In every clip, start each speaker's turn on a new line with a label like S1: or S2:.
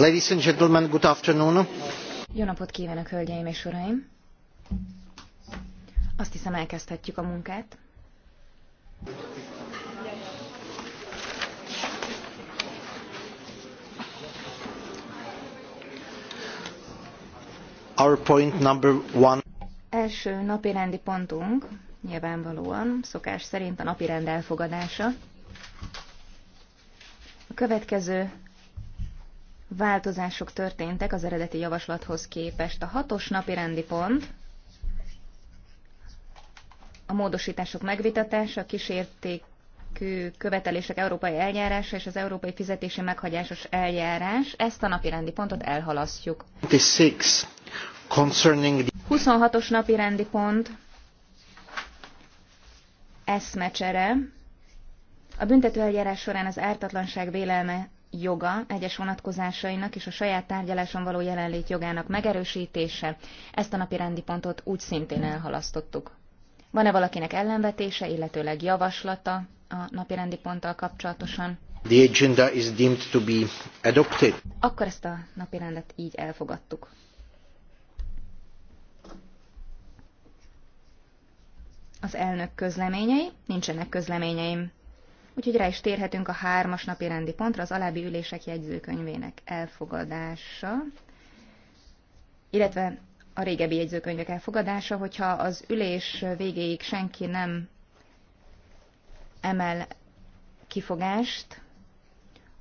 S1: Ladies and gentlemen, good afternoon.
S2: Jó napot kívánok, hölgyeim és uraim! Azt hiszem, elkezdhetjük a munkát. Our point number one. Első napi rendi pontunk nyilvánvalóan szokás szerint a rend elfogadása. A következő változások történtek az eredeti javaslathoz képest. A hatos napi rendi pont a módosítások megvitatása, kísértékű követelések európai eljárása és az európai fizetési meghagyásos eljárás. Ezt a napi rendi pontot elhalasztjuk. 26-os napi rendi pont eszmecsere. A eljárás során az ártatlanság vélelme joga egyes vonatkozásainak és a saját tárgyaláson való jelenlét jogának megerősítése, ezt a napi rendi pontot úgy szintén elhalasztottuk. Van-e valakinek ellenvetése, illetőleg javaslata a napi rendi ponttal kapcsolatosan?
S3: The agenda is deemed to be adopted.
S2: Akkor ezt a napi rendet így elfogadtuk. Az elnök közleményei, nincsenek közleményeim úgyhogy rá is térhetünk a hármas napi rendi pontra, az alábbi ülések jegyzőkönyvének elfogadása, illetve a régebbi jegyzőkönyvek elfogadása, hogyha az ülés végéig senki nem emel kifogást,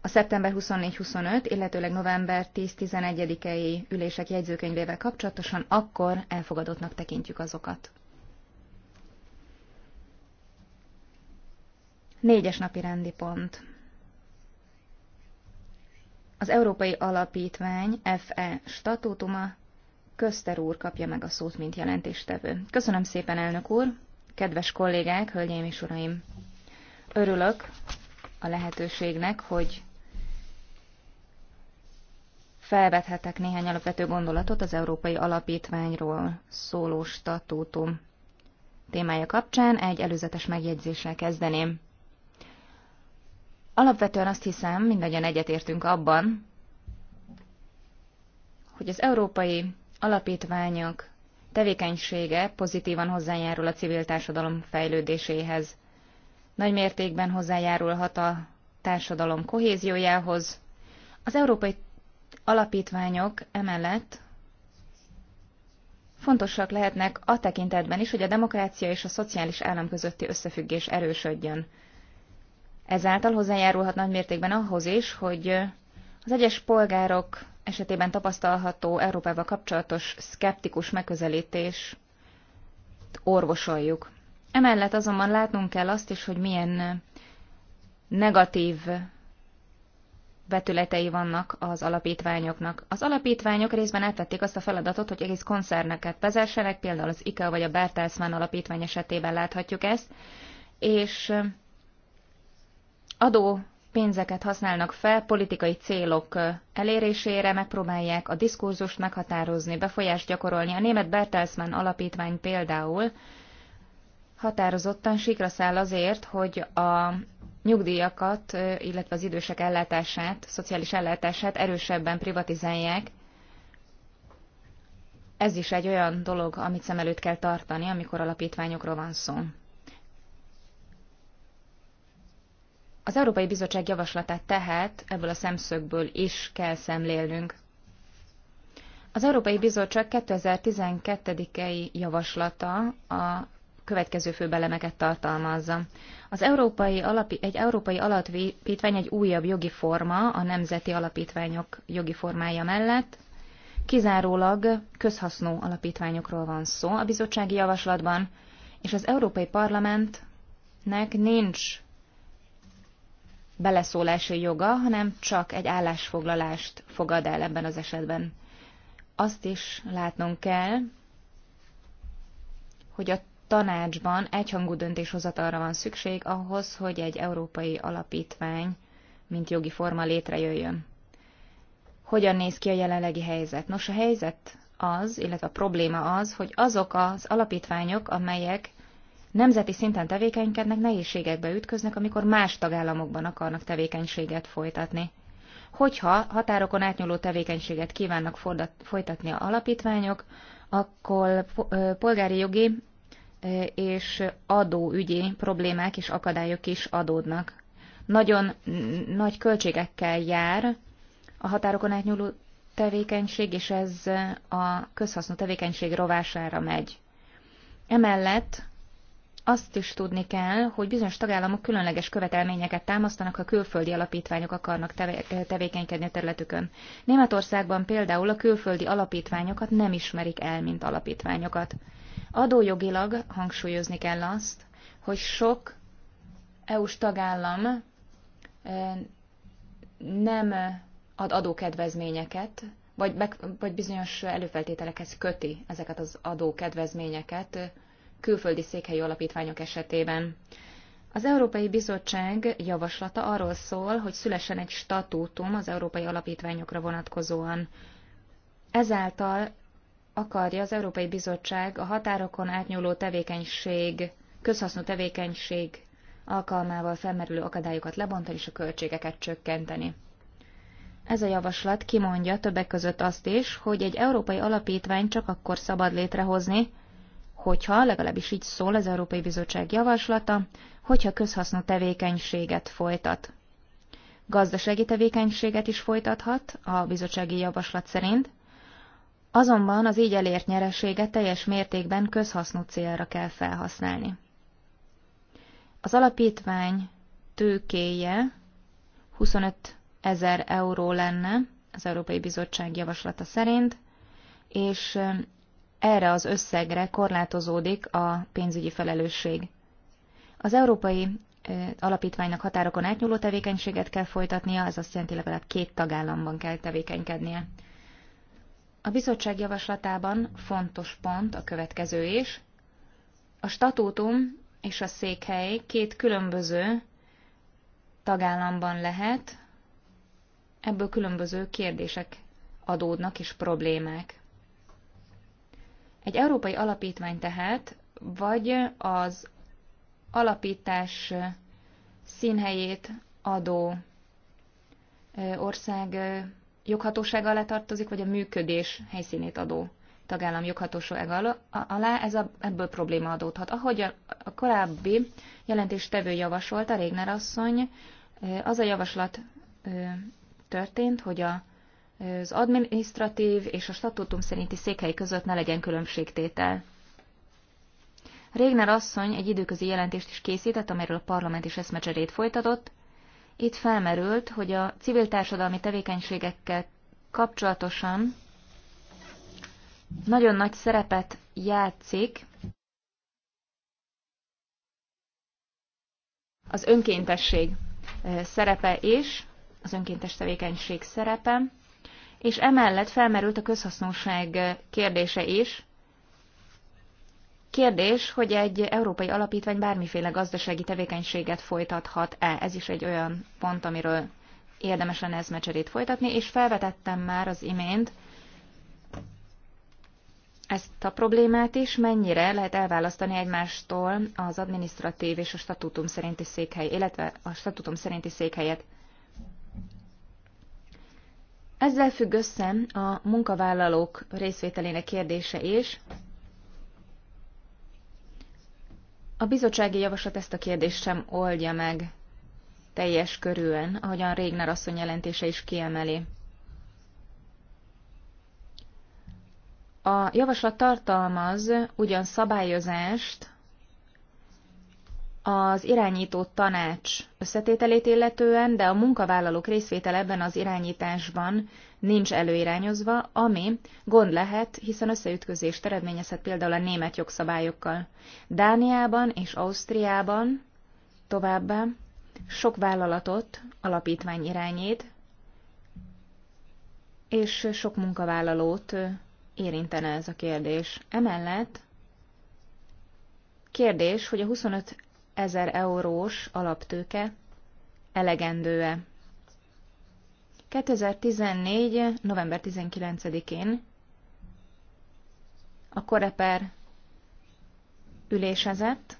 S2: a szeptember 24-25, illetőleg november 10-11-i ülések jegyzőkönyvével kapcsolatosan, akkor elfogadottnak tekintjük azokat. Négyes napi rendi pont. Az Európai Alapítvány FE statútuma köster úr kapja meg a szót, mint jelentéstevő. Köszönöm szépen, elnök úr! Kedves kollégák, hölgyeim és uraim! Örülök a lehetőségnek, hogy felvethetek néhány alapvető gondolatot az Európai Alapítványról szóló statútum témája kapcsán. Egy előzetes megjegyzéssel kezdeném. Alapvetően azt hiszem, mindannyian egyetértünk abban, hogy az európai alapítványok tevékenysége pozitívan hozzájárul a civil társadalom fejlődéséhez. Nagy mértékben hozzájárulhat a társadalom kohéziójához. Az európai alapítványok emellett fontosak lehetnek a tekintetben is, hogy a demokrácia és a szociális állam közötti összefüggés erősödjön. Ezáltal hozzájárulhat nagy mértékben ahhoz is, hogy az egyes polgárok esetében tapasztalható Európával kapcsolatos szkeptikus megközelítés orvosoljuk. Emellett azonban látnunk kell azt is, hogy milyen negatív vetületei vannak az alapítványoknak. Az alapítványok részben átvették azt a feladatot, hogy egész koncerneket vezessenek, például az IKEA vagy a Bertelsmann alapítvány esetében láthatjuk ezt, és adó pénzeket használnak fel politikai célok elérésére, megpróbálják a diskurzust meghatározni, befolyást gyakorolni. A német Bertelsmann alapítvány például határozottan sikra száll azért, hogy a nyugdíjakat, illetve az idősek ellátását, szociális ellátását erősebben privatizálják. Ez is egy olyan dolog, amit szem előtt kell tartani, amikor alapítványokról van szó. Az Európai Bizottság javaslatát tehát ebből a szemszögből is kell szemlélnünk. Az Európai Bizottság 2012-i javaslata a következő főbelemeket tartalmazza. Az európai alapi, egy európai alapítvány egy újabb jogi forma a nemzeti alapítványok jogi formája mellett. Kizárólag közhasznú alapítványokról van szó a bizottsági javaslatban, és az Európai Parlamentnek nincs beleszólási joga, hanem csak egy állásfoglalást fogad el ebben az esetben. Azt is látnunk kell, hogy a tanácsban egyhangú döntéshozatalra van szükség ahhoz, hogy egy európai alapítvány, mint jogi forma létrejöjjön. Hogyan néz ki a jelenlegi helyzet? Nos, a helyzet az, illetve a probléma az, hogy azok az alapítványok, amelyek nemzeti szinten tevékenykednek, nehézségekbe ütköznek, amikor más tagállamokban akarnak tevékenységet folytatni. Hogyha határokon átnyúló tevékenységet kívánnak folytatni a alapítványok, akkor polgári jogi és adóügyi problémák és akadályok is adódnak. Nagyon nagy költségekkel jár a határokon átnyúló tevékenység, és ez a közhasznú tevékenység rovására megy. Emellett azt is tudni kell, hogy bizonyos tagállamok különleges követelményeket támasztanak, ha külföldi alapítványok akarnak teve- tevékenykedni a területükön. Németországban például a külföldi alapítványokat nem ismerik el, mint alapítványokat. Adójogilag hangsúlyozni kell azt, hogy sok EU-s tagállam nem ad adókedvezményeket, vagy, meg, vagy bizonyos előfeltételekhez köti ezeket az adókedvezményeket külföldi székhelyi alapítványok esetében. Az Európai Bizottság javaslata arról szól, hogy szülessen egy statútum az európai alapítványokra vonatkozóan. Ezáltal akarja az Európai Bizottság a határokon átnyúló tevékenység, közhasznú tevékenység alkalmával felmerülő akadályokat lebontani és a költségeket csökkenteni. Ez a javaslat kimondja többek között azt is, hogy egy európai alapítvány csak akkor szabad létrehozni, hogyha, legalábbis így szól az Európai Bizottság javaslata, hogyha közhasznú tevékenységet folytat. Gazdasági tevékenységet is folytathat, a bizottsági javaslat szerint, azonban az így elért nyereséget teljes mértékben közhasznú célra kell felhasználni. Az alapítvány tőkéje 25 ezer euró lenne az Európai Bizottság javaslata szerint, és erre az összegre korlátozódik a pénzügyi felelősség. Az európai alapítványnak határokon átnyúló tevékenységet kell folytatnia, ez azt jelenti legalább két tagállamban kell tevékenykednie. A bizottság javaslatában fontos pont a következő is. A statútum és a székhely két különböző tagállamban lehet, ebből különböző kérdések adódnak és problémák. Egy európai alapítvány tehát, vagy az alapítás színhelyét adó ország joghatósága alá tartozik, vagy a működés helyszínét adó tagállam joghatósága alá, ez a, ebből probléma adódhat. Ahogy a, a korábbi jelentéstevő javasolta, Régner asszony, az a javaslat történt, hogy a az adminisztratív és a statútum szerinti székhely között ne legyen különbségtétel. Régner asszony egy időközi jelentést is készített, amelyről a parlament is eszmecserét folytatott. Itt felmerült, hogy a civil társadalmi tevékenységekkel kapcsolatosan nagyon nagy szerepet játszik az önkéntesség eh, szerepe is, az önkéntes tevékenység szerepe, és emellett felmerült a közhasznóság kérdése is. Kérdés, hogy egy európai alapítvány bármiféle gazdasági tevékenységet folytathat-e. Ez is egy olyan pont, amiről érdemes lenne mecserét folytatni, és felvetettem már az imént ezt a problémát is, mennyire lehet elválasztani egymástól az adminisztratív és a statutum szerinti székhely, illetve a statutum szerinti székhelyet. Ezzel függ össze a munkavállalók részvételének kérdése is. A bizottsági javaslat ezt a kérdést sem oldja meg teljes körülön, ahogyan Régner asszony jelentése is kiemeli. A javaslat tartalmaz ugyan szabályozást az irányító tanács összetételét illetően, de a munkavállalók részvétel ebben az irányításban nincs előirányozva, ami gond lehet, hiszen összeütközést eredményezhet például a német jogszabályokkal. Dániában és Ausztriában továbbá sok vállalatot alapítvány irányít, és sok munkavállalót érintene ez a kérdés. Emellett kérdés, hogy a 25 ezer eurós alaptőke elegendő-e. 2014. november 19-én a Koreper ülésezett,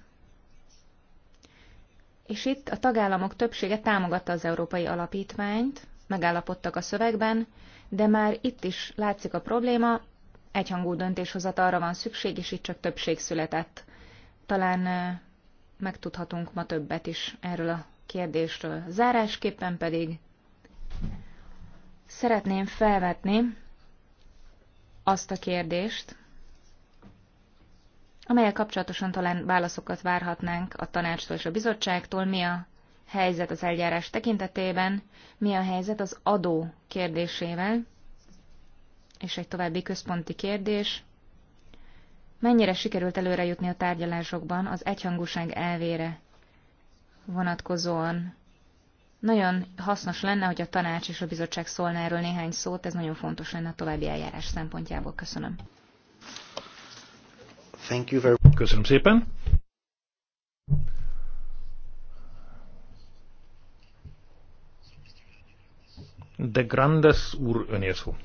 S2: és itt a tagállamok többsége támogatta az európai alapítványt, megállapodtak a szövegben, de már itt is látszik a probléma, egyhangú arra van szükség, és itt csak többség született. Talán megtudhatunk ma többet is erről a kérdésről. Zárásképpen pedig szeretném felvetni azt a kérdést, amelyel kapcsolatosan talán válaszokat várhatnánk a tanácstól és a bizottságtól, mi a helyzet az eljárás tekintetében, mi a helyzet az adó kérdésével, és egy további központi kérdés, mennyire sikerült előrejutni a tárgyalásokban az egyhangúság elvére vonatkozóan. Nagyon hasznos lenne, hogy a tanács és a bizottság szólna erről néhány szót, ez nagyon fontos lenne a további eljárás szempontjából. Köszönöm.
S3: Thank you very... Köszönöm szépen. De Grandes úr önél szó.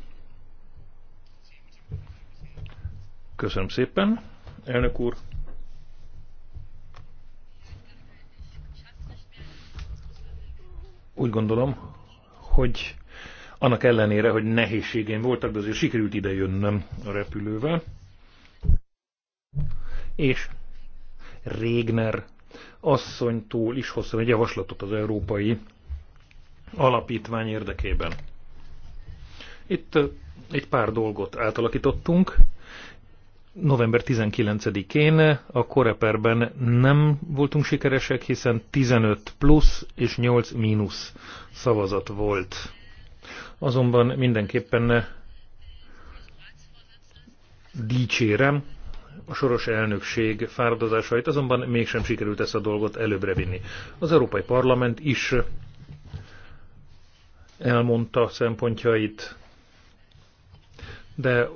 S3: Köszönöm szépen, elnök úr. Úgy gondolom, hogy annak ellenére, hogy nehézségén voltak, de azért sikerült ide jönnöm a repülővel. És Régner asszonytól is hoztam egy javaslatot az Európai Alapítvány érdekében. Itt egy pár dolgot átalakítottunk, november 19-én a Koreperben nem voltunk sikeresek, hiszen 15 plusz és 8 mínusz szavazat volt. Azonban mindenképpen dicsérem a soros elnökség fáradozásait, azonban mégsem sikerült ezt a dolgot előbbre vinni. Az Európai Parlament is elmondta szempontjait, de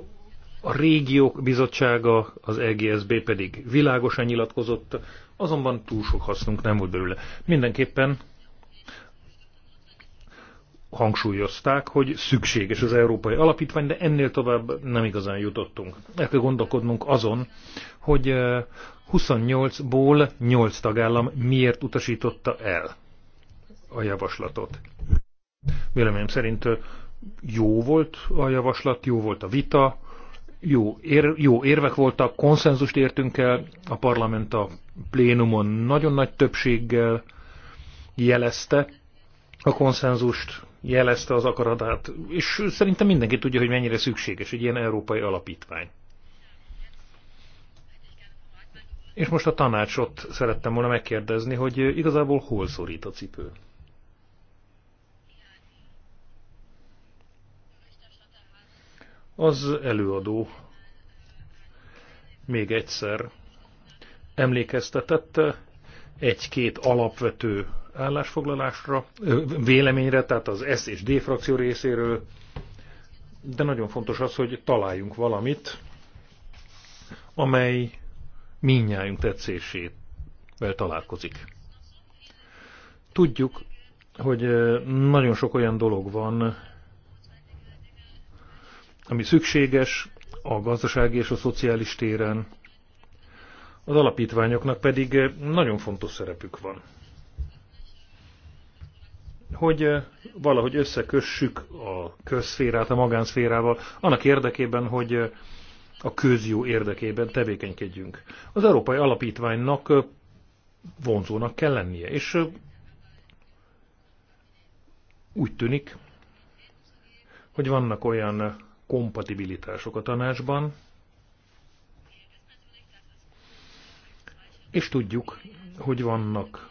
S3: a régiók bizottsága, az EGSB pedig világosan nyilatkozott, azonban túl sok hasznunk nem volt belőle. Mindenképpen hangsúlyozták, hogy szükséges az európai alapítvány, de ennél tovább nem igazán jutottunk. El kell gondolkodnunk azon, hogy 28-ból eh, 8 tagállam miért utasította el a javaslatot. Véleményem szerint eh, jó volt a javaslat, jó volt a vita, jó, ér, jó érvek voltak, konszenzust értünk el, a parlament a plénumon nagyon nagy többséggel jelezte a konszenzust, jelezte az akaratát, és szerintem mindenki tudja, hogy mennyire szükséges egy ilyen európai alapítvány. És most a tanácsot szerettem volna megkérdezni, hogy igazából hol szorít a cipő? az előadó még egyszer emlékeztetette egy-két alapvető állásfoglalásra, véleményre, tehát az S és D frakció részéről, de nagyon fontos az, hogy találjunk valamit, amely minnyájunk tetszésével találkozik. Tudjuk, hogy nagyon sok olyan dolog van, ami szükséges a gazdasági és a szociális téren. Az alapítványoknak pedig eh, nagyon fontos szerepük van. Hogy eh, valahogy összekössük a közszférát a magánszférával, annak érdekében, hogy eh, a közjó érdekében tevékenykedjünk. Az Európai Alapítványnak vonzónak kell lennie, és úgy tűnik, hogy vannak olyan kompatibilitások a tanácsban, és tudjuk, hogy vannak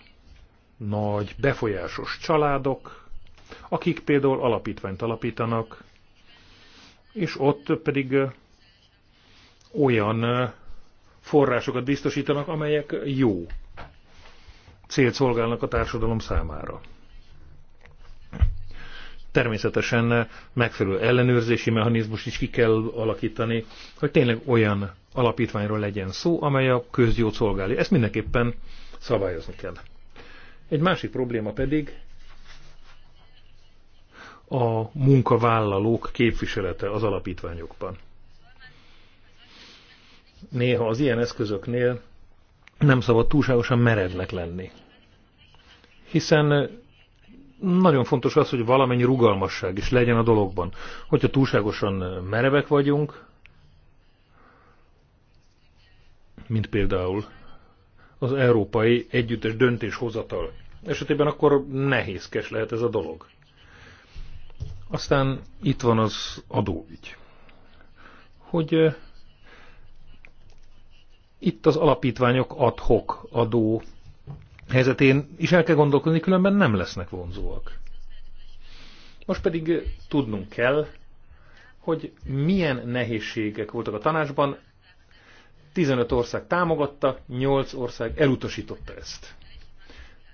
S3: nagy, befolyásos családok, akik például alapítványt alapítanak, és ott pedig olyan forrásokat biztosítanak, amelyek jó célt szolgálnak a társadalom számára természetesen megfelelő ellenőrzési mechanizmus is ki kell alakítani, hogy tényleg olyan alapítványról legyen szó, amely a közjót szolgálja. Ezt mindenképpen szabályozni kell. Egy másik probléma pedig a munkavállalók képviselete az alapítványokban. Néha az ilyen eszközöknél nem szabad túlságosan merednek lenni. Hiszen nagyon fontos az, hogy valamennyi rugalmasság is legyen a dologban. Hogyha túlságosan merevek vagyunk, mint például az európai együttes döntéshozatal esetében, akkor nehézkes lehet ez a dolog. Aztán itt van az adóügy. Hogy eh, itt az alapítványok adhok adó helyzetén is el kell gondolkodni, különben nem lesznek vonzóak. Most pedig tudnunk kell, hogy milyen nehézségek voltak a tanácsban. 15 ország támogatta, 8 ország elutasította ezt.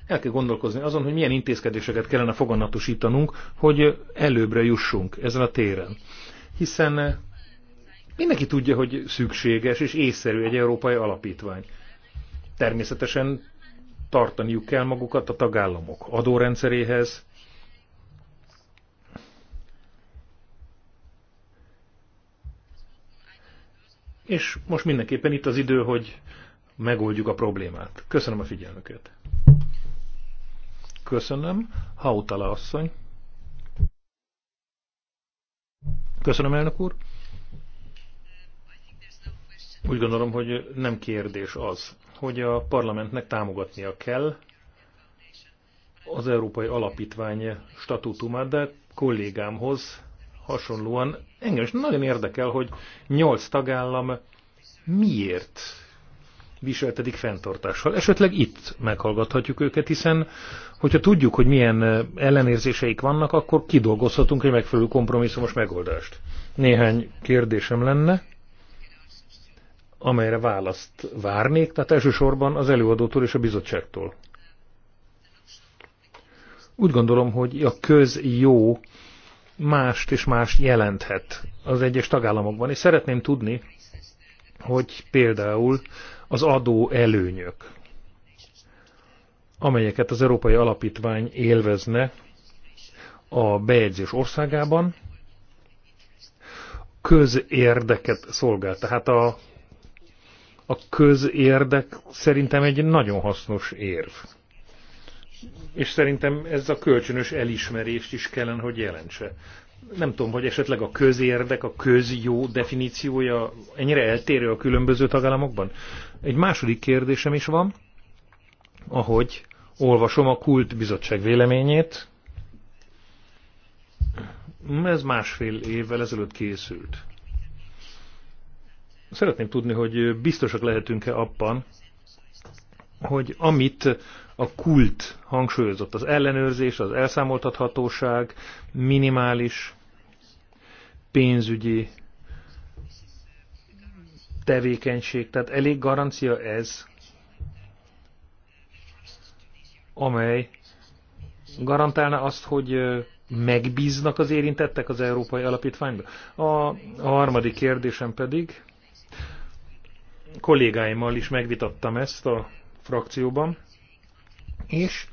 S3: El kell gondolkozni azon, hogy milyen intézkedéseket kellene foganatosítanunk, hogy előbbre jussunk ezen a téren. Hiszen mindenki tudja, hogy szükséges és észszerű egy európai alapítvány. Természetesen tartaniuk kell magukat a tagállamok adórendszeréhez, És most mindenképpen itt az idő, hogy megoldjuk a problémát. Köszönöm a figyelmüket. Köszönöm. Hautala asszony. Köszönöm, elnök úr. Úgy gondolom, hogy nem kérdés az, hogy a parlamentnek támogatnia kell az Európai Alapítvány statútumát, de kollégámhoz hasonlóan engem is nagyon érdekel, hogy nyolc tagállam miért viseltedik fenntartással. Esetleg itt meghallgathatjuk őket, hiszen hogyha tudjuk, hogy milyen ellenérzéseik vannak, akkor kidolgozhatunk egy megfelelő kompromisszumos megoldást. Néhány kérdésem lenne amelyre választ várnék, tehát elsősorban az előadótól és a bizottságtól. Úgy gondolom, hogy a köz jó mást és mást jelenthet az egyes tagállamokban, és szeretném tudni, hogy például az adó előnyök, amelyeket az Európai Alapítvány élvezne a bejegyzés országában, közérdeket szolgál. Tehát a a közérdek szerintem egy nagyon hasznos érv. És szerintem ez a kölcsönös elismerést is kellene, hogy jelentse. Nem tudom, hogy esetleg a közérdek, a közjó definíciója ennyire eltérő a különböző tagállamokban. Egy második kérdésem is van, ahogy olvasom a Kult Bizottság véleményét. Ez másfél évvel ezelőtt készült Szeretném tudni, hogy biztosak lehetünk-e abban, hogy amit a kult hangsúlyozott, az ellenőrzés, az elszámoltathatóság, minimális pénzügyi tevékenység, tehát elég garancia ez, amely garantálna azt, hogy megbíznak az érintettek az Európai Alapítványba. A, a harmadik kérdésem pedig, kollégáimmal is megvitattam ezt a frakcióban, és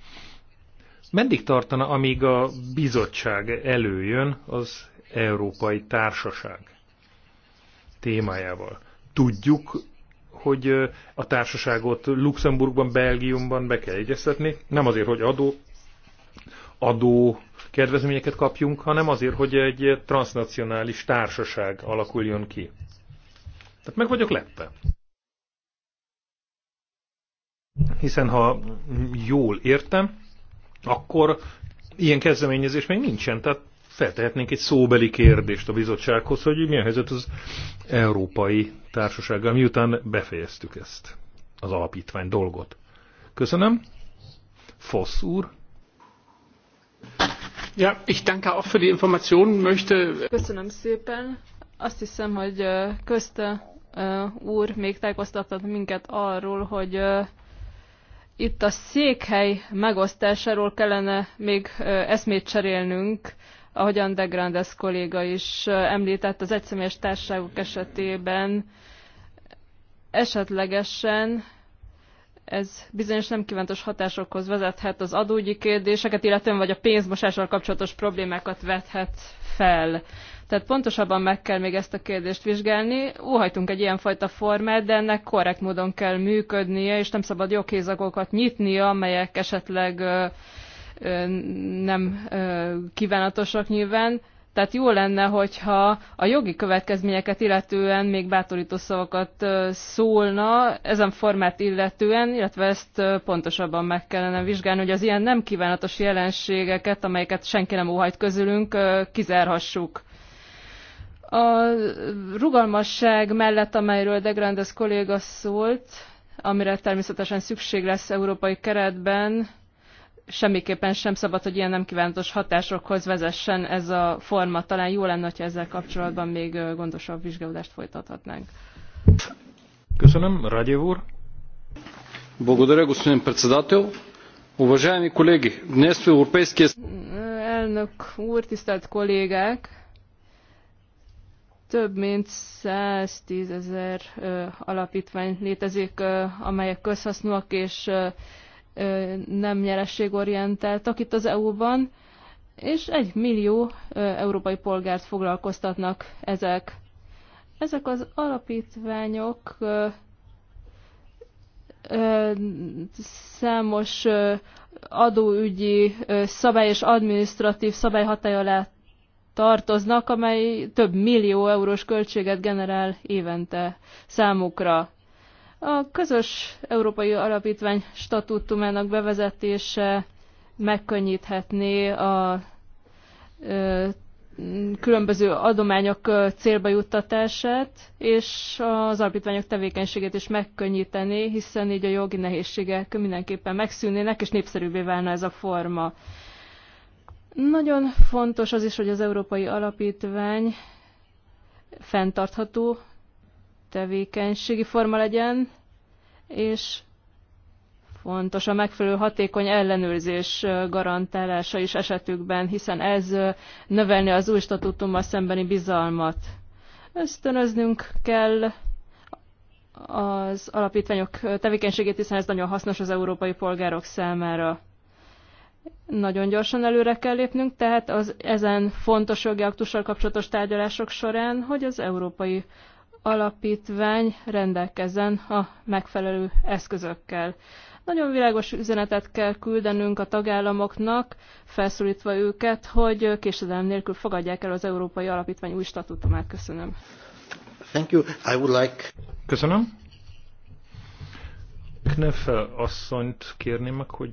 S3: meddig tartana, amíg a bizottság előjön az Európai Társaság témájával? Tudjuk, hogy a társaságot Luxemburgban, Belgiumban be kell egyeztetni, nem azért, hogy adó, adó kedvezményeket kapjunk, hanem azért, hogy egy transnacionális társaság alakuljon ki. Tehát meg vagyok lepve. Hiszen ha jól értem, akkor ilyen kezdeményezés még nincsen, tehát feltehetnénk egy szóbeli kérdést a bizottsághoz, hogy milyen helyzet az európai társasággal, miután befejeztük ezt az alapítvány dolgot. Köszönöm. Fossz úr. Ja, ich danke auch für die Informationen, möchte...
S1: Köszönöm szépen. Azt hiszem, hogy közte úr még tájékoztatott minket arról, hogy itt a székhely megosztásáról kellene még eszmét cserélnünk, ahogyan De Grandes kolléga is említett az egyszemélyes társaságok esetében esetlegesen ez bizonyos nem kívántos hatásokhoz vezethet az adógyi kérdéseket, illetve vagy a pénzmosással kapcsolatos problémákat vethet fel. Tehát pontosabban meg kell még ezt a kérdést vizsgálni. Óhajtunk egy ilyenfajta formát, de ennek korrekt módon kell működnie, és nem szabad joghézagokat nyitnia, amelyek esetleg nem kívánatosak nyilván. Tehát jó lenne, hogyha a jogi következményeket illetően még bátorító szavakat szólna, ezen formát illetően, illetve ezt pontosabban meg kellene vizsgálni, hogy az ilyen nem kívánatos jelenségeket, amelyeket senki nem óhajt közülünk, kizárhassuk. A rugalmasság mellett, amelyről De Grandes kolléga szólt, amire természetesen szükség lesz európai keretben, semmiképpen sem szabad, hogy ilyen nem kívánatos hatásokhoz vezessen ez a forma. Talán jó lenne, ha ezzel kapcsolatban még gondosabb vizsgálódást folytathatnánk.
S3: Köszönöm, Ragyev úr. Благодаря, господин председател. Уважаеми колеги, днес в Европейския...
S1: Elnök úr, tisztelt kollégák! Több mint 110 ezer alapítvány létezik, amelyek közhasznúak, és nem nyerességorientált, itt az EU-ban, és egy millió európai polgárt foglalkoztatnak ezek. Ezek az alapítványok számos adóügyi szabály és adminisztratív szabály alá tartoznak, amely több millió eurós költséget generál évente számukra. A közös európai alapítvány statútumának bevezetése megkönnyíthetné a különböző adományok célba juttatását, és az alapítványok tevékenységét is megkönnyíteni, hiszen így a jogi nehézségek mindenképpen megszűnnének, és népszerűbbé válna ez a forma. Nagyon fontos az is, hogy az Európai Alapítvány fenntartható tevékenységi forma legyen, és fontos a megfelelő hatékony ellenőrzés garantálása is esetükben, hiszen ez növelni az új statutummal szembeni bizalmat. Ösztönöznünk kell az alapítványok tevékenységét, hiszen ez nagyon hasznos az európai polgárok számára. Nagyon gyorsan előre kell lépnünk, tehát az ezen fontos jogi aktussal kapcsolatos tárgyalások során, hogy az európai alapítvány rendelkezzen a megfelelő eszközökkel. Nagyon világos üzenetet kell küldenünk a tagállamoknak, felszólítva őket, hogy késedelem nélkül fogadják el az Európai Alapítvány új statutumát. Köszönöm.
S3: Thank you. I would like... Köszönöm. Kneffel asszonyt kérném meg, hogy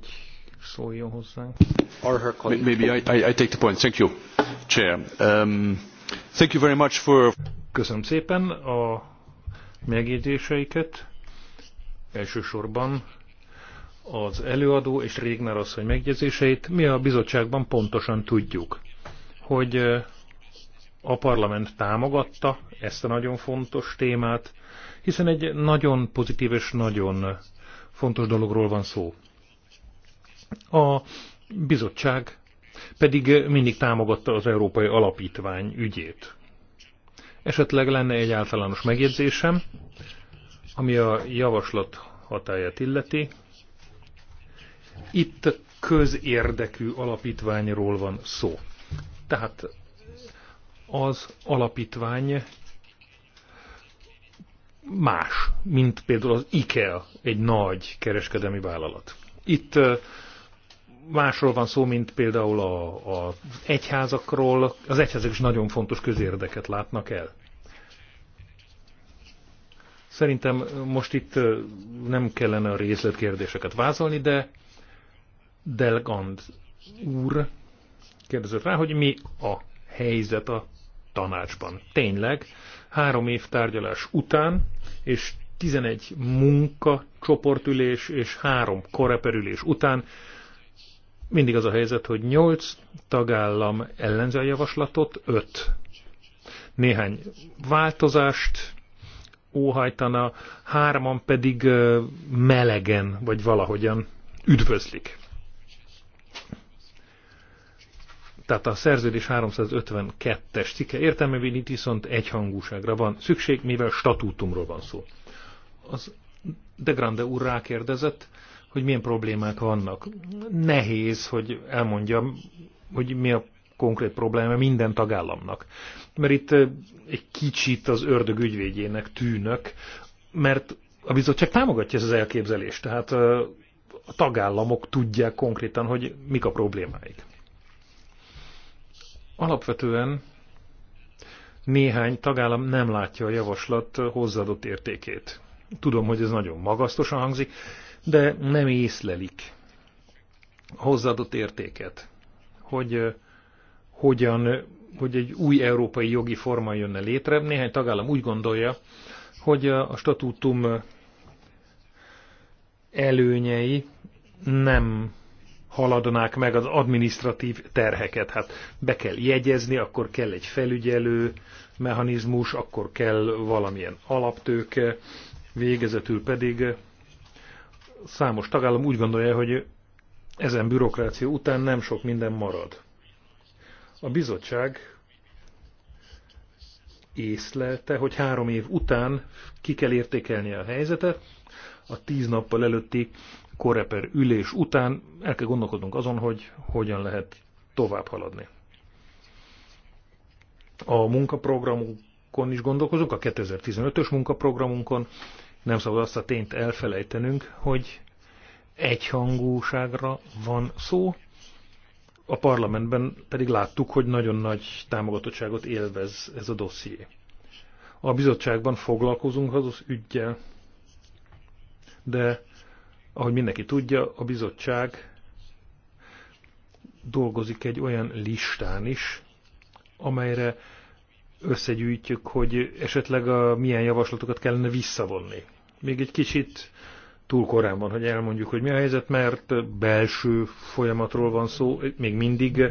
S3: szóljon hozzánk. Or her Maybe I, I, I take the point. Thank you, Chair. Um, thank you very much for... Köszönöm szépen a megjegyzéseiket. Elsősorban az előadó és Régner asszony megjegyzéseit. Mi a bizottságban pontosan tudjuk, hogy a parlament támogatta ezt a nagyon fontos témát, hiszen egy nagyon pozitív és nagyon fontos dologról van szó. A bizottság pedig mindig támogatta az Európai Alapítvány ügyét. Esetleg lenne egy általános megjegyzésem, ami a javaslat hatáját illeti. Itt közérdekű alapítványról van szó. Tehát az alapítvány más, mint például az IKEA, egy nagy kereskedelmi vállalat. Itt másról van szó, mint például a, egyházakról. Az egyházak is nagyon fontos közérdeket látnak el. Szerintem most itt nem kellene a részletkérdéseket vázolni, de Delgand úr kérdezett rá, hogy mi a helyzet a tanácsban. Tényleg, három év tárgyalás után, és 11 munka csoportülés és három koreperülés után mindig az a helyzet, hogy 8 tagállam ellenzi a javaslatot, 5 néhány változást óhajtana, hárman pedig melegen, vagy valahogyan üdvözlik. Tehát a szerződés 352-es cikke értelmében itt viszont egyhangúságra van szükség, mivel statútumról van szó. Az De Grande úr rákérdezett, hogy milyen problémák vannak. Nehéz, hogy elmondjam, hogy mi a konkrét probléma minden tagállamnak. Mert itt egy kicsit az ördög ügyvédjének tűnök, mert a bizottság támogatja ezt az elképzelést, tehát a tagállamok tudják konkrétan, hogy mik a problémáik. Alapvetően néhány tagállam nem látja a javaslat hozzáadott értékét. Tudom, hogy ez nagyon magasztosan hangzik, de nem észlelik a hozzáadott értéket, hogy hogyan, hogy egy új európai jogi forma jönne létre. Néhány tagállam úgy gondolja, hogy a statútum előnyei nem haladnák meg az administratív terheket. Hát be kell jegyezni, akkor kell egy felügyelő mechanizmus, akkor kell valamilyen alaptőke, végezetül pedig számos tagállam úgy gondolja, hogy ezen bürokrácia után nem sok minden marad. A bizottság észlelte, hogy három év után ki kell értékelni a helyzetet, a tíz nappal előtti koreper ülés után el kell gondolkodnunk azon, hogy hogyan lehet tovább haladni. A munkaprogramunkon is gondolkozunk, a 2015-ös munkaprogramunkon. Nem szabad azt a tényt elfelejtenünk, hogy egyhangúságra van szó, a parlamentben pedig láttuk, hogy nagyon nagy támogatottságot élvez ez a dosszié. A bizottságban foglalkozunk az, ügyjel, de ahogy mindenki tudja, a bizottság dolgozik egy olyan listán is, amelyre összegyűjtjük, hogy esetleg a, milyen javaslatokat kellene visszavonni. Még egy kicsit túl korán van, hogy elmondjuk, hogy mi a helyzet, mert belső folyamatról van szó, még mindig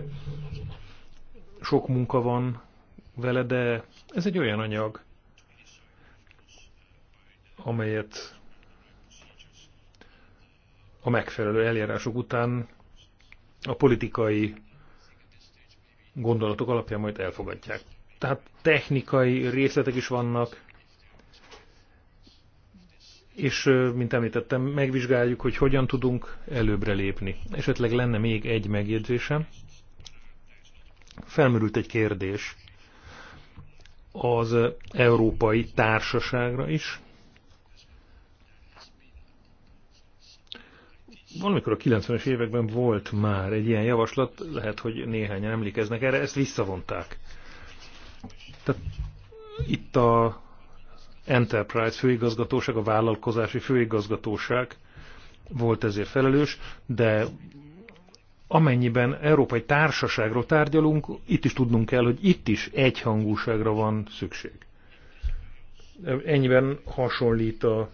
S3: sok munka van vele, de ez egy olyan anyag, amelyet a megfelelő eljárások után a politikai gondolatok alapján majd elfogadják. Tehát technikai részletek is vannak, és mint említettem, megvizsgáljuk, hogy hogyan tudunk előbbre lépni. Esetleg lenne még egy megjegyzésem. Felmerült egy kérdés az Európai Társaságra is. Valamikor a 90-es években volt már egy ilyen javaslat, lehet, hogy néhányan emlékeznek erre, ezt visszavonták. Tehát itt a Enterprise főigazgatóság, a vállalkozási főigazgatóság volt ezért felelős, de amennyiben európai társaságról tárgyalunk, itt is tudnunk kell, hogy itt is egyhangúságra van szükség. Ennyiben hasonlít a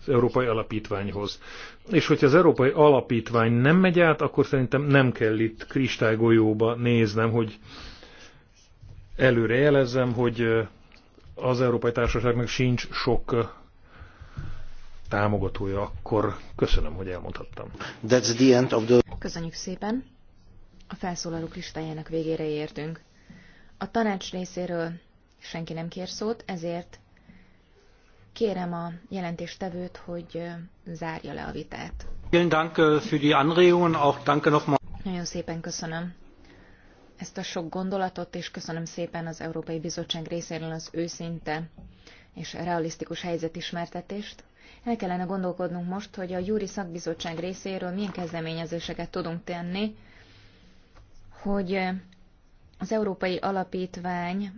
S3: az Európai Alapítványhoz. És hogyha az Európai Alapítvány nem megy át, akkor szerintem nem kell itt kristálygolyóba néznem, hogy előre jelezzem, hogy az Európai Társaságnak sincs sok támogatója, akkor köszönöm, hogy elmondhattam. That's the end of the...
S2: Köszönjük szépen. A felszólalók listájának végére értünk. A tanács részéről senki nem kér szót, ezért kérem a jelentéstevőt, hogy zárja le a vitát.
S3: Vielen Dank äh, für die Anregungen, auch danke nochmal.
S2: Nagyon szépen köszönöm ezt a sok gondolatot, és köszönöm szépen az Európai Bizottság részéről az őszinte és realisztikus helyzetismertetést. El kellene gondolkodnunk most, hogy a Júri Szakbizottság részéről milyen kezdeményezéseket tudunk tenni, hogy az Európai Alapítványra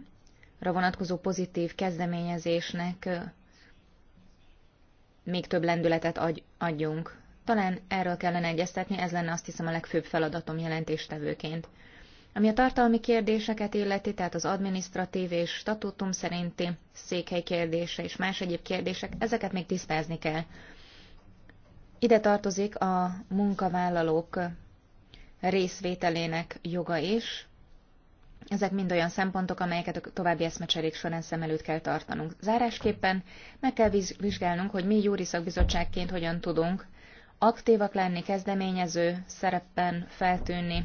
S2: vonatkozó pozitív kezdeményezésnek még több lendületet adjunk. Talán erről kellene egyeztetni, ez lenne azt hiszem a legfőbb feladatom jelentéstevőként. Ami a tartalmi kérdéseket illeti, tehát az administratív és statútum szerinti székhely kérdése és más egyéb kérdések, ezeket még tisztázni kell. Ide tartozik a munkavállalók részvételének joga is. Ezek mind olyan szempontok, amelyeket a további eszmecserék során szem előtt kell tartanunk. Zárásképpen meg kell vizsgálnunk, hogy mi júri szakbizottságként hogyan tudunk aktívak lenni, kezdeményező szerepben feltűnni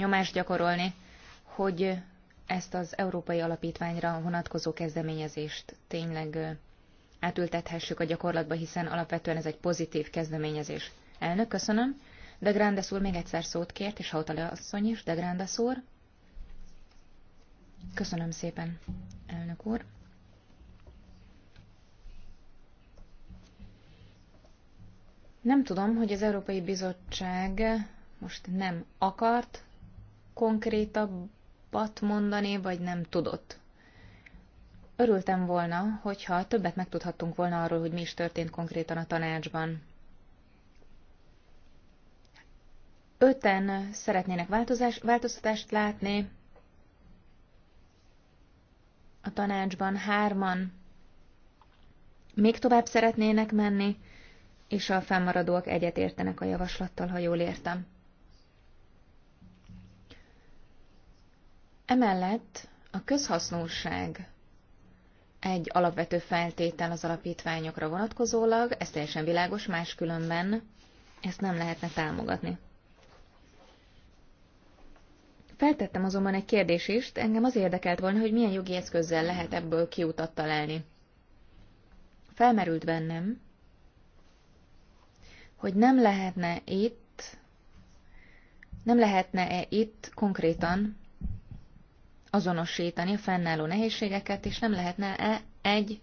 S2: nyomást gyakorolni, hogy ezt az Európai Alapítványra vonatkozó kezdeményezést tényleg átültethessük a gyakorlatba, hiszen alapvetően ez egy pozitív kezdeményezés. Elnök, köszönöm. De Grandes úr még egyszer szót kért, és Hautala asszony is. De Grandes úr. Köszönöm szépen, elnök úr. Nem tudom, hogy az Európai Bizottság most nem akart konkrétabbat mondani, vagy nem tudott. Örültem volna, hogyha többet megtudhattunk volna arról, hogy mi is történt konkrétan a tanácsban. Öten szeretnének változás, változtatást látni a tanácsban, hárman még tovább szeretnének menni, és a fennmaradóak egyetértenek a javaslattal, ha jól értem. Emellett a közhasznúság egy alapvető feltétel az alapítványokra vonatkozólag, ez teljesen világos, máskülönben ezt nem lehetne támogatni. Feltettem azonban egy kérdés is, engem az érdekelt volna, hogy milyen jogi eszközzel lehet ebből kiutat találni. Felmerült bennem, hogy nem lehetne itt, nem lehetne-e itt konkrétan azonosítani a fennálló nehézségeket, és nem lehetne-e egy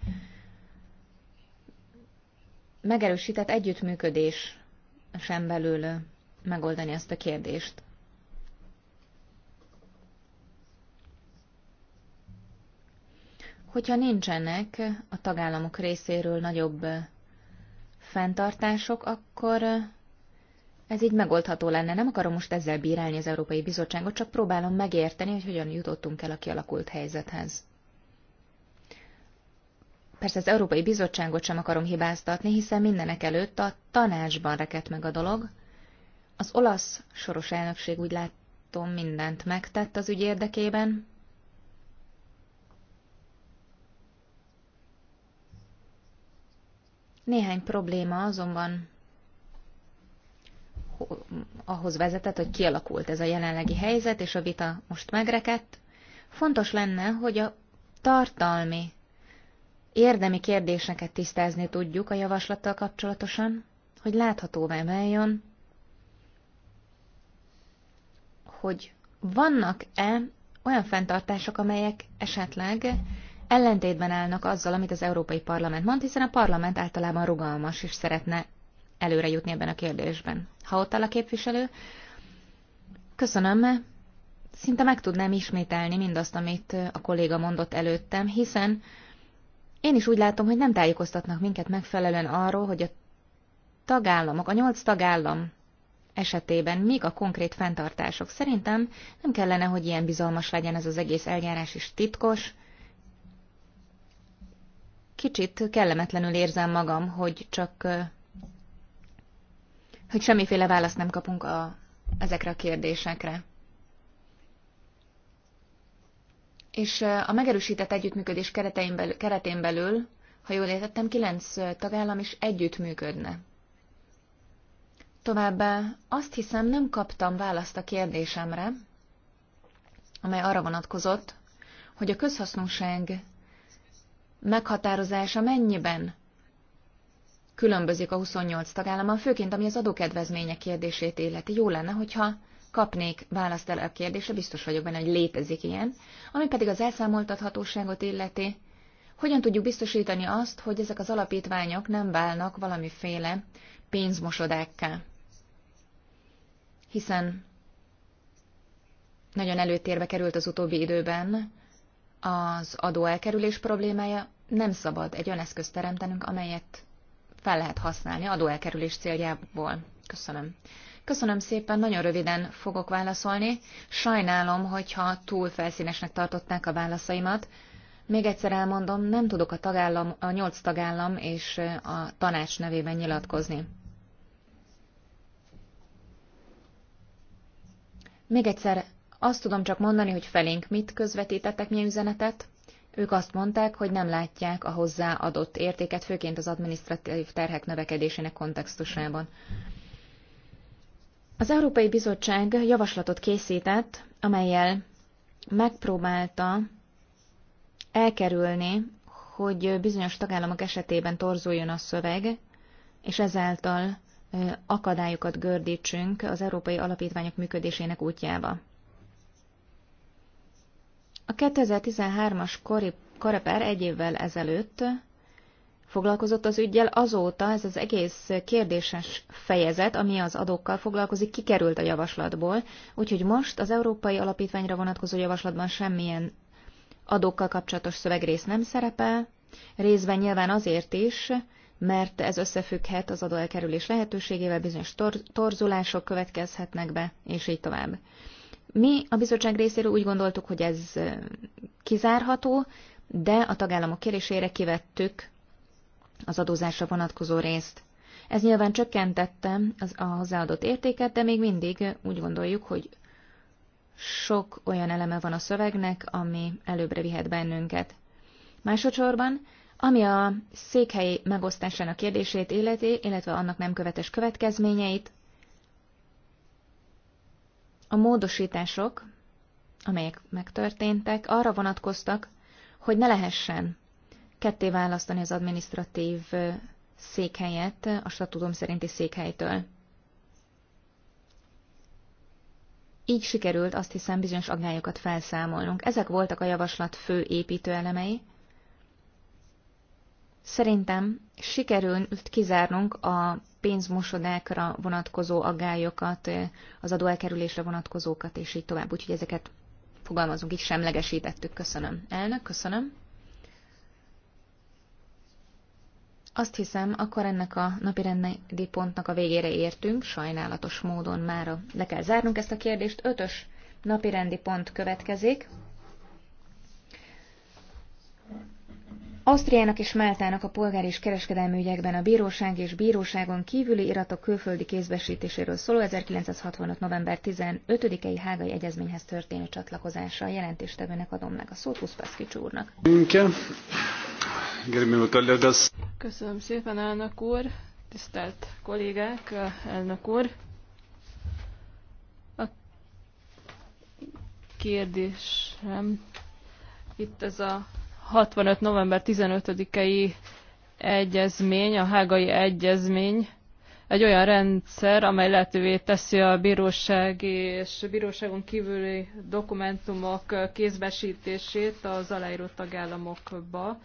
S2: megerősített együttműködés sem belül megoldani ezt a kérdést. Hogyha nincsenek a tagállamok részéről nagyobb fenntartások, akkor ez így megoldható lenne. Nem akarom most ezzel bírálni az Európai Bizottságot, csak próbálom megérteni, hogy hogyan jutottunk el a kialakult helyzethez. Persze az Európai Bizottságot sem akarom hibáztatni, hiszen mindenek előtt a tanácsban rekedt meg a dolog. Az olasz soros elnökség úgy látom mindent megtett az ügy érdekében. Néhány probléma azonban ahhoz vezetett, hogy kialakult ez a jelenlegi helyzet, és a vita most megrekedt. Fontos lenne, hogy a tartalmi, érdemi kérdéseket tisztázni tudjuk a javaslattal kapcsolatosan, hogy láthatóvá váljon, hogy vannak-e olyan fenntartások, amelyek esetleg ellentétben állnak azzal, amit az Európai Parlament mond, hiszen a parlament általában rugalmas és szeretne előre jutni ebben a kérdésben. Ha ott áll a képviselő, köszönöm, szinte meg tudnám ismételni mindazt, amit a kolléga mondott előttem, hiszen én is úgy látom, hogy nem tájékoztatnak minket megfelelően arról, hogy a tagállamok, a nyolc tagállam esetében még a konkrét fenntartások. Szerintem nem kellene, hogy ilyen bizalmas legyen ez az egész eljárás is titkos. Kicsit kellemetlenül érzem magam, hogy csak hogy semmiféle választ nem kapunk a, ezekre a kérdésekre. És a megerősített együttműködés keretein belül, keretén belül, ha jól értettem, kilenc tagállam is együttműködne. Továbbá azt hiszem nem kaptam választ a kérdésemre, amely arra vonatkozott, hogy a közhasznúság meghatározása mennyiben különbözik a 28 tagállama, főként ami az adókedvezmények kérdését illeti. Jó lenne, hogyha kapnék választ el a kérdésre, biztos vagyok benne, hogy létezik ilyen, ami pedig az elszámoltathatóságot illeti. Hogyan tudjuk biztosítani azt, hogy ezek az alapítványok nem válnak valamiféle pénzmosodákká? Hiszen nagyon előtérbe került az utóbbi időben az adóelkerülés problémája, nem szabad egy olyan eszközt teremtenünk, amelyet fel lehet használni adóelkerülés céljából. Köszönöm. Köszönöm szépen, nagyon röviden fogok válaszolni. Sajnálom, hogyha túl felszínesnek tartották a válaszaimat. Még egyszer elmondom, nem tudok a, tagállam, a nyolc tagállam és a tanács nevében nyilatkozni. Még egyszer azt tudom csak mondani, hogy felénk mit közvetítettek, milyen üzenetet. Ők azt mondták, hogy nem látják a hozzáadott értéket, főként az adminisztratív terhek növekedésének kontextusában. Az Európai Bizottság javaslatot készített, amelyel megpróbálta elkerülni, hogy bizonyos tagállamok esetében torzuljon a szöveg, és ezáltal akadályokat gördítsünk az európai alapítványok működésének útjába. A 2013-as Koreper egy évvel ezelőtt foglalkozott az ügyjel, azóta ez az egész kérdéses fejezet, ami az adókkal foglalkozik, kikerült a javaslatból, úgyhogy most az Európai Alapítványra vonatkozó javaslatban semmilyen adókkal kapcsolatos szövegrész nem szerepel, részben nyilván azért is, mert ez összefügghet az adóelkerülés lehetőségével, bizonyos tor- torzulások következhetnek be, és így tovább. Mi a bizottság részéről úgy gondoltuk, hogy ez kizárható, de a tagállamok kérésére kivettük az adózásra vonatkozó részt. Ez nyilván csökkentette az, a hozzáadott értéket, de még mindig úgy gondoljuk, hogy sok olyan eleme van a szövegnek, ami előbbre vihet bennünket. Másodszorban, ami a székhelyi megosztásának kérdését illeti, illetve annak nem követes következményeit, a módosítások, amelyek megtörténtek, arra vonatkoztak, hogy ne lehessen ketté választani az administratív székhelyet a statutum szerinti székhelytől. Így sikerült azt hiszem bizonyos aggályokat felszámolnunk. Ezek voltak a javaslat fő építőelemei, elemei, Szerintem sikerült kizárnunk a pénzmosodákra vonatkozó aggályokat, az adóelkerülésre vonatkozókat, és így tovább. Úgyhogy ezeket fogalmazunk, így semlegesítettük. Köszönöm. Elnök, köszönöm. Azt hiszem, akkor ennek a napirendi pontnak a végére értünk, sajnálatos módon már. le kell zárnunk ezt a kérdést. Ötös napirendi pont következik. Ausztriának és Máltának a polgár és kereskedelmi ügyekben a bíróság és bíróságon kívüli iratok külföldi kézbesítéséről szóló 1965. november 15-i hágai egyezményhez történő csatlakozása a jelentéstevőnek adom meg a szót Huszpaszkics úrnak. Köszönöm
S1: szépen, elnök úr, tisztelt kollégák, elnök úr. A kérdésem itt ez a 65. november 15-i egyezmény, a hágai egyezmény, egy olyan rendszer, amely lehetővé teszi a bírósági és bíróságon kívüli dokumentumok kézbesítését az aláíró tagállamokba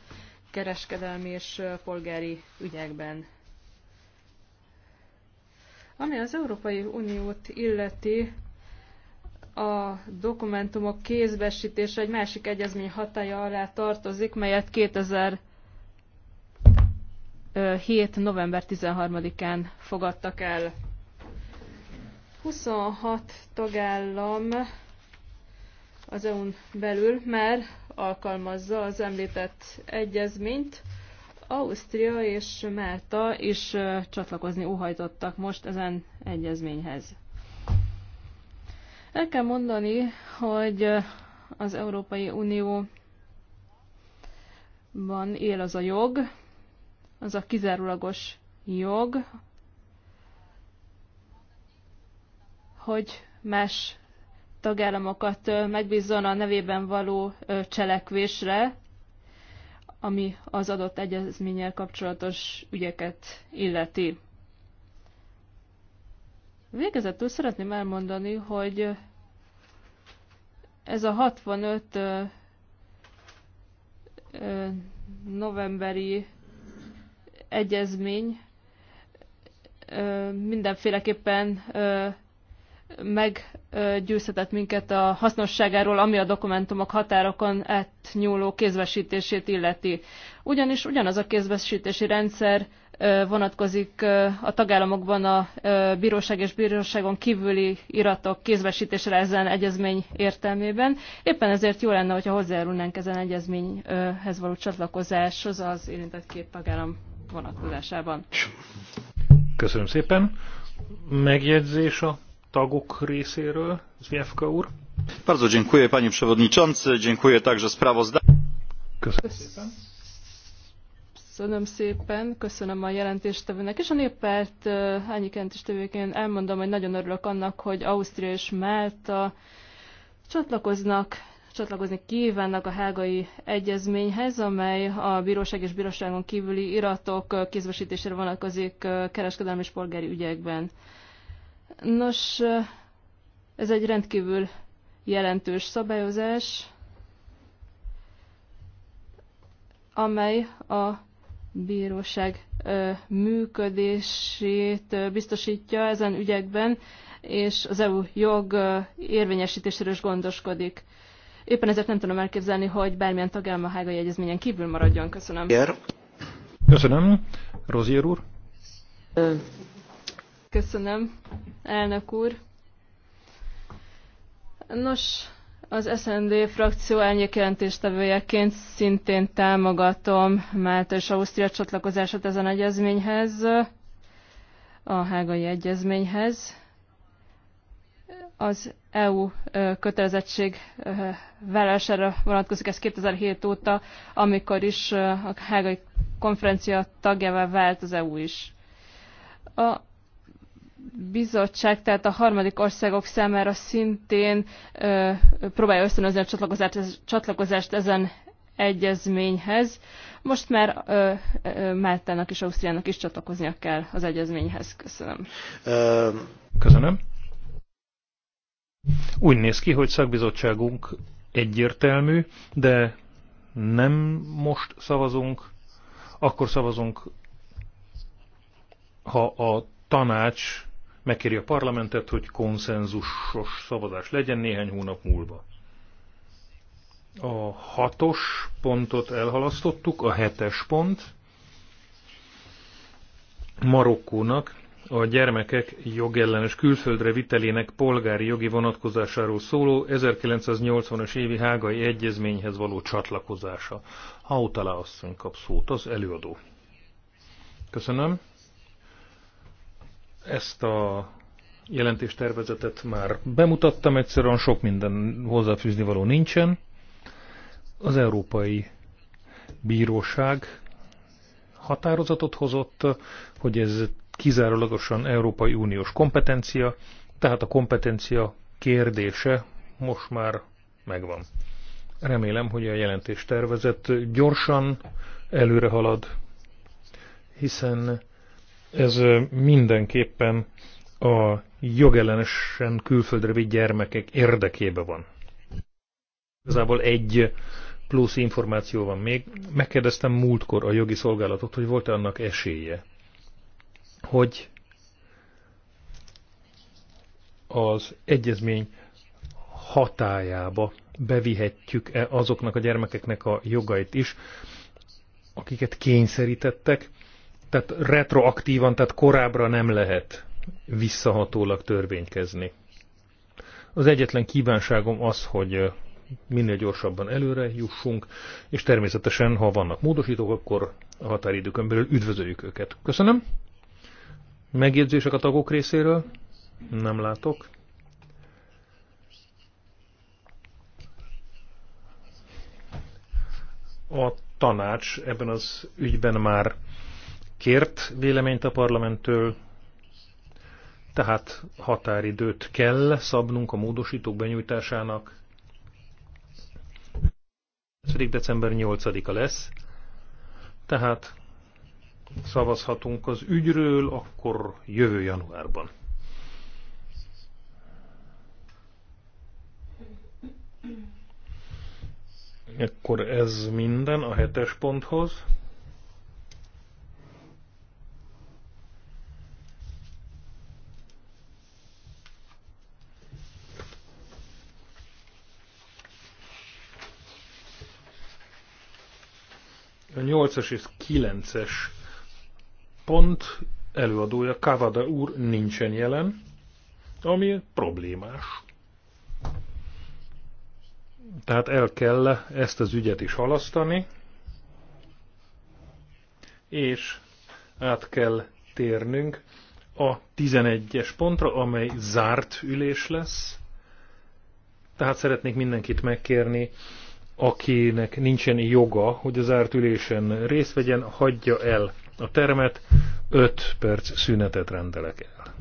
S1: kereskedelmi és polgári ügyekben. Ami az Európai Uniót illeti, a dokumentumok kézbesítése egy másik egyezmény hatája alá tartozik, melyet 2007. november 13-án fogadtak el. 26 tagállam az EU-n belül már alkalmazza az említett egyezményt. Ausztria és Málta is csatlakozni óhajtottak most ezen egyezményhez. El kell mondani, hogy az Európai Unióban él az a jog, az a kizárólagos jog, hogy más tagállamokat megbízzon a nevében való cselekvésre, ami az adott egyezménnyel kapcsolatos ügyeket illeti. Végezetül szeretném elmondani, hogy ez a 65 novemberi egyezmény mindenféleképpen meggyőzhetett minket a hasznosságáról, ami a dokumentumok határokon átnyúló kézvesítését illeti. Ugyanis ugyanaz a kézvesítési rendszer vonatkozik a tagállamokban a bíróság és bíróságon kívüli iratok kézbesítésre ezen egyezmény értelmében. Éppen ezért jó lenne, hogyha hozzájárulnánk ezen egyezményhez való csatlakozáshoz az érintett két tagállam vonatkozásában.
S3: Köszönöm szépen. Megjegyzés a tagok részéről, Zviefka úr. Bardzo dziękuję panie przewodniczący, dziękuję także sprawozdawcy. Köszönöm
S1: szépen. Köszönöm szépen, köszönöm a jelentéstevőnek, és a néppárt is jelentéstevőként elmondom, hogy nagyon örülök annak, hogy Ausztria és Málta csatlakoznak csatlakozni kívánnak a hágai egyezményhez, amely a bíróság és bíróságon kívüli iratok kézbesítésére vonatkozik kereskedelmi és polgári ügyekben. Nos, ez egy rendkívül jelentős szabályozás, amely a bíróság működését biztosítja ezen ügyekben, és az EU jog érvényesítéséről is gondoskodik. Éppen ezért nem tudom elképzelni, hogy bármilyen tagállam a hágai egyezményen kívül maradjon. Köszönöm.
S3: Köszönöm. Rozier úr.
S1: Köszönöm, elnök úr. Nos, az SND frakció elnyék jelentéstevőjeként szintén támogatom Málta és Ausztria csatlakozását ezen egyezményhez, a hágai egyezményhez. Az EU kötelezettség vállására vonatkozik ez 2007 óta, amikor is a hágai konferencia tagjává vált az EU is. A bizottság, tehát a harmadik országok számára szintén ö, próbálja ösztönözni a csatlakozást, csatlakozást ezen egyezményhez. Most már ö, ö, Máltának és Ausztriának is csatlakoznia kell az egyezményhez. Köszönöm.
S3: Köszönöm. Úgy néz ki, hogy szakbizottságunk egyértelmű, de nem most szavazunk, akkor szavazunk, ha a tanács megkéri a parlamentet, hogy konszenzusos szavazás legyen néhány hónap múlva. A hatos pontot elhalasztottuk, a hetes pont Marokkónak a gyermekek jogellenes külföldre vitelének polgári jogi vonatkozásáról szóló 1980-as évi hágai egyezményhez való csatlakozása. Hautala asszony kap szót, az előadó. Köszönöm. Ezt a jelentéstervezetet már bemutattam, egyszerűen sok minden hozzáfűzni való nincsen. Az Európai Bíróság határozatot hozott, hogy ez kizárólagosan Európai Uniós kompetencia, tehát a kompetencia kérdése most már megvan. Remélem, hogy a jelentéstervezet gyorsan előre halad, hiszen ez mindenképpen a jogellenesen külföldre vitt gyermekek érdekébe van. Igazából egy plusz információ van még. Megkérdeztem múltkor a jogi szolgálatot, hogy volt-e annak esélye, hogy az egyezmény hatájába bevihetjük-e azoknak a gyermekeknek a jogait is, akiket kényszerítettek tehát retroaktívan, tehát korábbra nem lehet visszahatólag törvénykezni. Az egyetlen kívánságom az, hogy minél gyorsabban előre jussunk, és természetesen, ha vannak módosítók, akkor a határidőkön belül üdvözöljük őket. Köszönöm. Megjegyzések a tagok részéről? Nem látok. A tanács ebben az ügyben már kért véleményt a parlamenttől, tehát határidőt kell szabnunk a módosítók benyújtásának. 5. december 8-a lesz, tehát szavazhatunk az ügyről akkor jövő januárban. Akkor ez minden a hetes ponthoz. A 8-as és 9-es pont előadója Kavada úr nincsen jelen, ami problémás. Tehát el kell ezt az ügyet is halasztani, és át kell térnünk a 11-es pontra, amely zárt ülés lesz. Tehát szeretnék mindenkit megkérni, akinek nincsen joga, hogy az zárt ülésen részt vegyen, hagyja el a termet, 5 perc szünetet rendelek el.